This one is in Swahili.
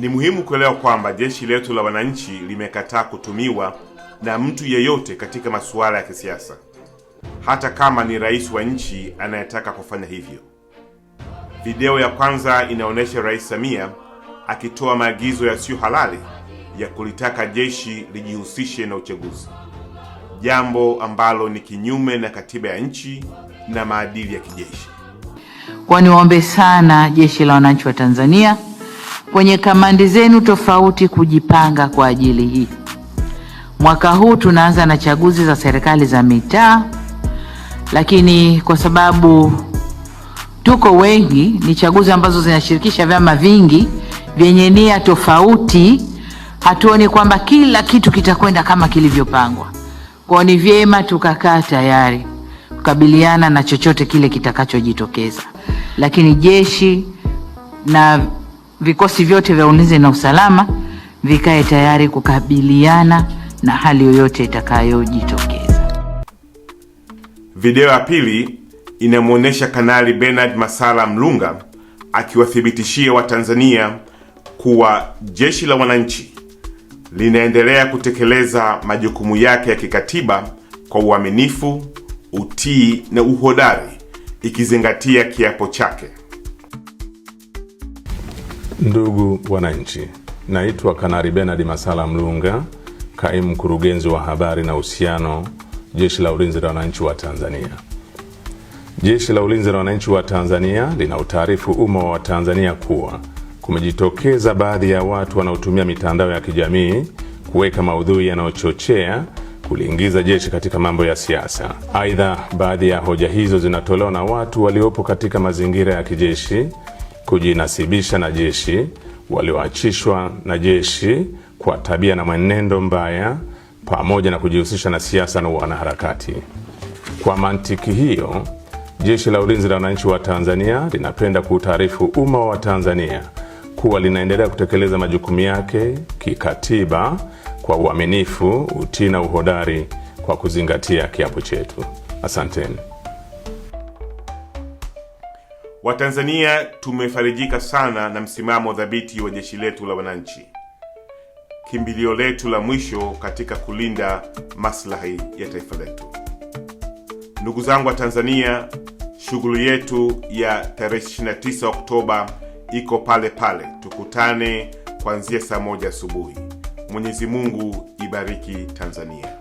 Ni muhimu kuelewa kwamba jeshi letu la wananchi limekataa kutumiwa na mtu yeyote katika masuala ya kisiasa, hata kama ni rais wa nchi anayetaka kufanya hivyo. Video ya kwanza inaonyesha Rais Samia akitoa maagizo yasiyo halali ya kulitaka jeshi lijihusishe na uchaguzi, jambo ambalo ni kinyume na katiba ya nchi na maadili ya kijeshi. Kwa niwaombe sana jeshi la wananchi wa Tanzania kwenye kamandi zenu tofauti kujipanga kwa ajili hii. Mwaka huu tunaanza na chaguzi za serikali za mitaa, lakini kwa sababu tuko wengi, ni chaguzi ambazo zinashirikisha vyama vingi vyenye nia tofauti, hatuoni kwamba kila kitu kitakwenda kama kilivyopangwa. Kwao ni vyema tukakaa tayari kukabiliana na chochote kile kitakachojitokeza, lakini jeshi na vikosi vyote vya ulinzi na usalama vikae tayari kukabiliana na hali yoyote itakayojitokeza. Video ya pili inamwonyesha Kanali Bernard Masala Mlunga akiwathibitishia Watanzania kuwa jeshi la wananchi linaendelea kutekeleza majukumu yake ya kikatiba kwa uaminifu, utii na uhodari ikizingatia kiapo chake. Ndugu wananchi, naitwa kanari Benard Masala Mlunga, kaimu mkurugenzi wa habari na uhusiano, Jeshi la Ulinzi la Wananchi wa Tanzania. Jeshi la Ulinzi la Wananchi wa Tanzania lina utaarifu umma wa Tanzania kuwa kumejitokeza baadhi ya watu wanaotumia mitandao ya kijamii kuweka maudhui yanayochochea kuliingiza jeshi katika mambo ya siasa. Aidha, baadhi ya hoja hizo zinatolewa na watu waliopo katika mazingira ya kijeshi kujinasibisha na jeshi, walioachishwa na jeshi kwa tabia na mwenendo mbaya, pamoja na kujihusisha na siasa na wanaharakati. Kwa mantiki hiyo, Jeshi la Ulinzi la Wananchi wa Tanzania linapenda kuutaarifu umma wa Tanzania kuwa linaendelea kutekeleza majukumu yake kikatiba kwa uaminifu, utii na uhodari kwa kuzingatia kiapo chetu. Asanteni. Watanzania tumefarijika sana na msimamo dhabiti wa jeshi letu la wananchi, kimbilio letu la mwisho katika kulinda maslahi ya taifa letu. Ndugu zangu wa Tanzania, shughuli yetu ya tarehe 29 Oktoba iko pale pale, tukutane kuanzia saa moja asubuhi. Mwenyezi Mungu ibariki Tanzania.